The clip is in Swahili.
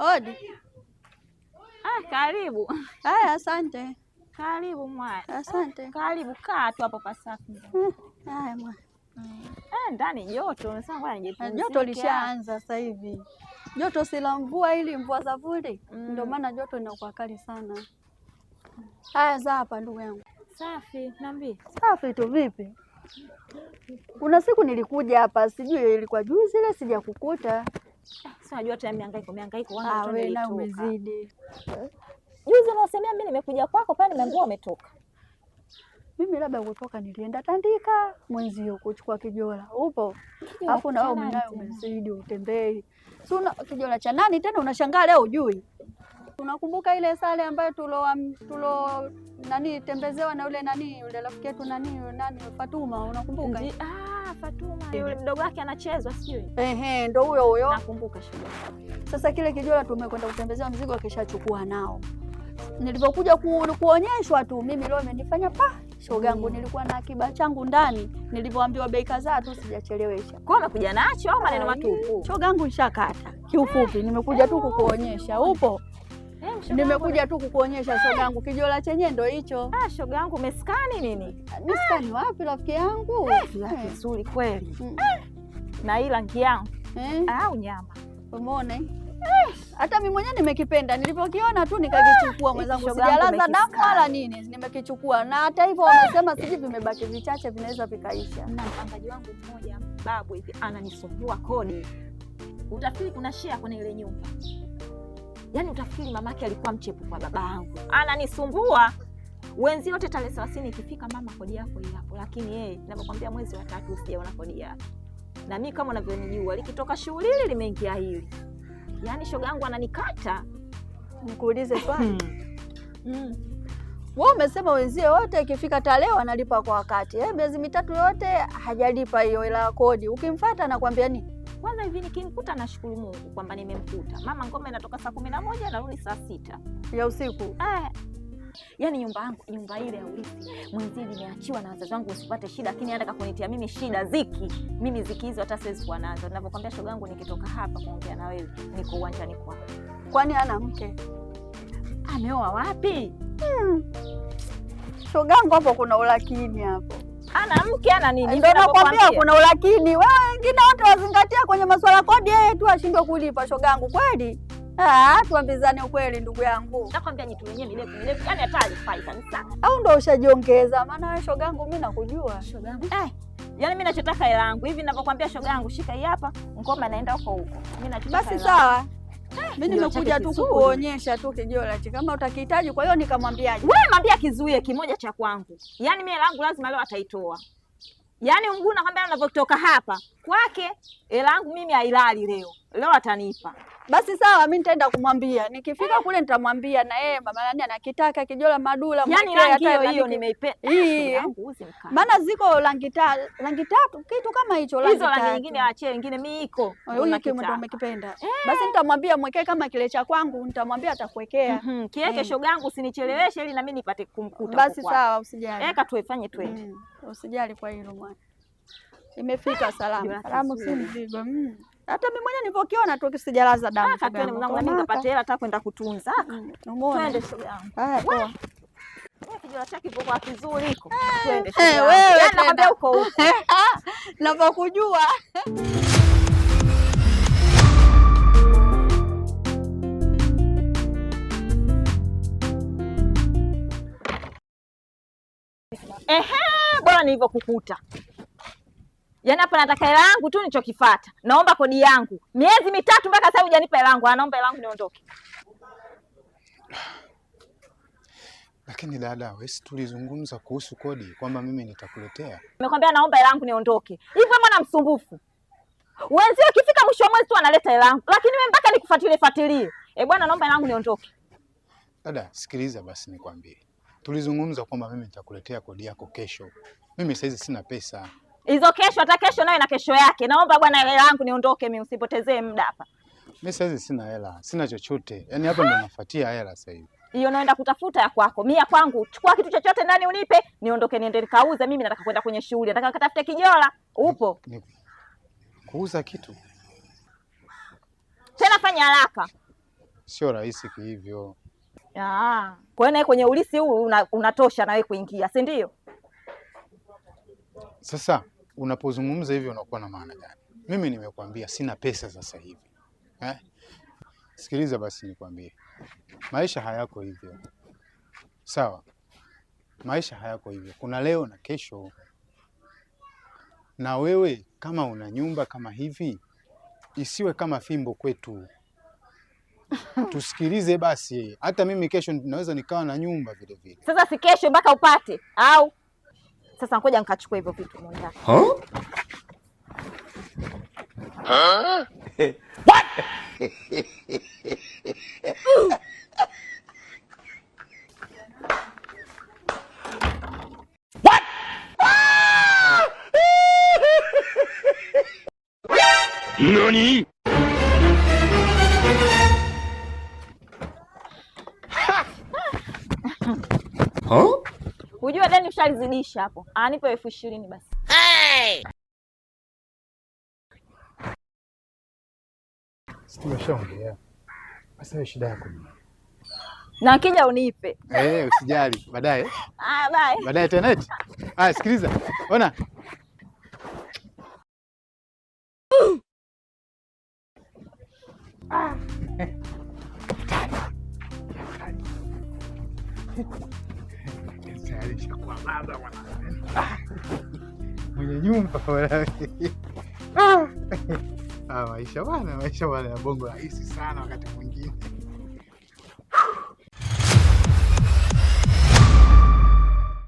Odi. Ah, karibu. Haya, asante. Karibu mwana. Asante. Karibu, kaa tu hapo pasafi. Haya mwana. Eh, ndani joto, unasema eh, joto lishaanza sasa hivi. Joto si la mvua ili mvua za vuli. Mm. Ndio maana joto inakuwa kali sana. Haya, za hapa ndugu yangu. Safi, niambie. Safi tu vipi? Kuna siku nilikuja hapa, sijui ilikuwa juzi ile, sija kukuta si unajua tena mihangaiko mihangaiko wangu ah, wewe na umezidi. Juzi unasemea mimi nimekuja kwako pale nimeambiwa umetoka. Mimi labda kutoka nilienda Tandika mwenzio kuchukua kijola. Upo? Alafu na wewe umenayo umezidi utembei. Si una kijola cha nani tena unashangaa leo ujui. Tunakumbuka ile sale ambayo tulo tulo nani tembezewa na ule nani ule rafiki yetu nani nani Fatuma, unakumbuka? Ah, Fatuma yule mdogo wake anachezwa sio? Ehe, ndo huyo huyo. Nakumbuka shida. Sasa kile kijola tumekwenda kutembezewa mzigo akishachukua nao. Nilipokuja ku, kuonyeshwa tu mimi leo imenifanya pa shogangu mm. Nilikuwa na akiba changu ndani, nilivyoambiwa bei kadhaa tu sijachelewesha. Kwa unakuja nacho au maneno matupu? Shogangu nishakata kiufupi, nimekuja tu kukuonyesha upo Eh, nimekuja tu kukuonyesha Shoga yangu kijola chenye ndo hicho. Ah, shoga yangu umeskani nini? Ah, mskani Wapi rafiki yangu hey. Nzuri kweli mm. Na ila rangi yangu eh? hey. Ah, unyama hata Mimi mwenyewe nimekipenda nilivyokiona tu nikakichukua, mwenzangu, sijalaza damu wala nini, nimekichukua na hata hivyo wanasema siji vimebaki vichache vinaweza vikaisha. Na mpangaji wangu mmoja babu hivi ananisumbua kodi, utafikiri kuna shia kwenye ile nyumba Yaani utafikiri mamake alikuwa mchepu kwa baba yangu ananisumbua wenzi wote. Tarehe thelathini ikifika, mama kodi yako hapo, lakini yeye navyokwambia, mwezi wa tatu sijaona kodi yake. Na mimi kama unavyonijua, likitoka shughuli hili limeingia hili, yaani shoga yangu ananikata. Nikuulize swali mm. umesema wenzie wote ikifika tarehe wanalipa kwa wakati, eh, miezi mitatu yote hajalipa hiyo ila kodi. Ukimfuata anakuambia nini? Kwanza hivi nikimkuta nashukuru Mungu kwamba nimemkuta. Mama ngoma inatoka saa kumi na moja narudi saa sita ya usiku eh. Yaani nyumba yangu nyumba ile ya urithi mwenzie nimeachiwa na wazazi wangu, usipate shida, lakini anataka kunitia mimi shida, ziki mimi ziki hizo hata siwezi kuwa nazo. Ninapokuambia shoga yangu, nikitoka hapa kuongea na wewe, niko uwanjani kwako. Kwani ana mke? Ameoa wapi? hmm. Shogangu, hapo kuna ulakini hapo ana mke ana nini? Ndio nakwambia kuna ulakini. Wewe wengine wote wazingatia kwenye masuala kodi, yeye eh, tu ashindwe kulipa. Shogangu kweli, tuambizane ukweli, ndugu yangu, nakwambia nyitu wenyewe milevu milevu, yani hata alifai kabisa. Au ndo ushajiongeza? Maana wewe shogangu, mimi nakujua shogangu eh. Yaani mimi nachotaka hela yangu hivi ninavyokuambia shogangu, shika hii hapa, ngoma naenda huko huko. Mimi nachotaka basi, sawa Mi nimekuja tu kukuonyesha tu kijio kama utakihitaji. Kwa hiyo nikamwambiaje? Wewe mwambia kizuie kimoja cha kwangu, yaani mie langu lazima leo ataitoa, yaani mguu nakwambia, unavyotoka hapa kwake hela yangu mimi hailali leo. Leo atanipa. Basi sawa, mimi nitaenda kumwambia. Nikifika eh, kule nitamwambia na yeye mama nani anakitaka kijola madula yaani mwake hata hiyo nimeipenda. Ah, Maana ziko rangi tatu, rangi tatu kitu kama hicho rangi tatu. Hizo rangi nyingine aachie nyingine mimi iko. Huyu kimo eh. Basi nitamwambia mwekee kama kile cha kwangu, nitamwambia atakuwekea. mm -hmm, Kiweke eh, shoga yangu usinicheleweshe ili na mimi nipate kumkuta. Basi sawa, usijali. Eka tuifanye twende. Mm. Usijali kwa hilo mwana. Imefika salama. Salamu si mzigo. Mm. Hata mimi mwenyewe nilipokiona tu sijalaza damu. Kaka twende mwanangu mimi nikapata hela hata kwenda kutunza. Mm, twende shoga yangu. Haya poa. bora nilivyokukuta. Yaani hapa nataka hela yangu tu nilichokifuata. Naomba kodi yangu. Miezi mitatu mpaka sasa hujanipa hela yangu. Anaomba hela yangu niondoke. Lakini dada, wewe tulizungumza kuhusu kodi kwamba mimi nitakuletea. Nimekwambia naomba hela yangu niondoke. Hivi mwana msumbufu. Wenzio ukifika mwisho wa mwezi tu analeta hela yangu. Lakini mimi mpaka nikufuatilie fuatilie. Eh, bwana naomba hela yangu niondoke. Dada, sikiliza basi nikwambie. Tulizungumza kwamba mimi nitakuletea kodi yako kesho. Mimi saizi sina pesa hizo kesho, hata kesho nayo na kesho yake. Naomba bwana, hela yangu niondoke mimi, usipotezee muda hapa. Mimi sasa sina hela, sina chochote. Yaani hapa ndo nafuatia hela sasa hivi. Hiyo naenda kutafuta ya kwako, mimi ya kwangu. Chukua kitu chochote ndani unipe, niondoke niende nikauze. Mimi nataka kwenda kwenye shughuli, nataka katafute kijola. Upo ni, kuuza kitu tena, fanya haraka, sio rahisi hivyo. Ah, kwa hiyo kwenye ulisi huu unatosha una nawe kuingia, si ndio? Sasa unapozungumza hivi unakuwa na maana gani? Mimi nimekuambia sina pesa sasa hivi eh? Sikiliza basi nikwambie, maisha hayako hivyo sawa. Maisha hayako hivyo, kuna leo na kesho. Na wewe kama una nyumba kama hivi, isiwe kama fimbo kwetu tusikilize basi. Hata mimi kesho naweza nikawa na nyumba vilevile. Sasa si kesho mpaka upate au sasa ngoja nikachukua hivyo vitu mwanza. Huh? Huh? What? nimeshalizidisha hapo, anipe elfu ishirini basi. Hey! Tumeshaongea basi, hiyo shida yako na kija unipe. Eh, usijali baadaye. Ah, bye. Baadaye tena eti. Ah, sikiliza. Ona. Ah. Ah. mwenye nyumba ah. Ah, maisha bwana, maisha bwana ya bongo rahisi sana wakati mwingine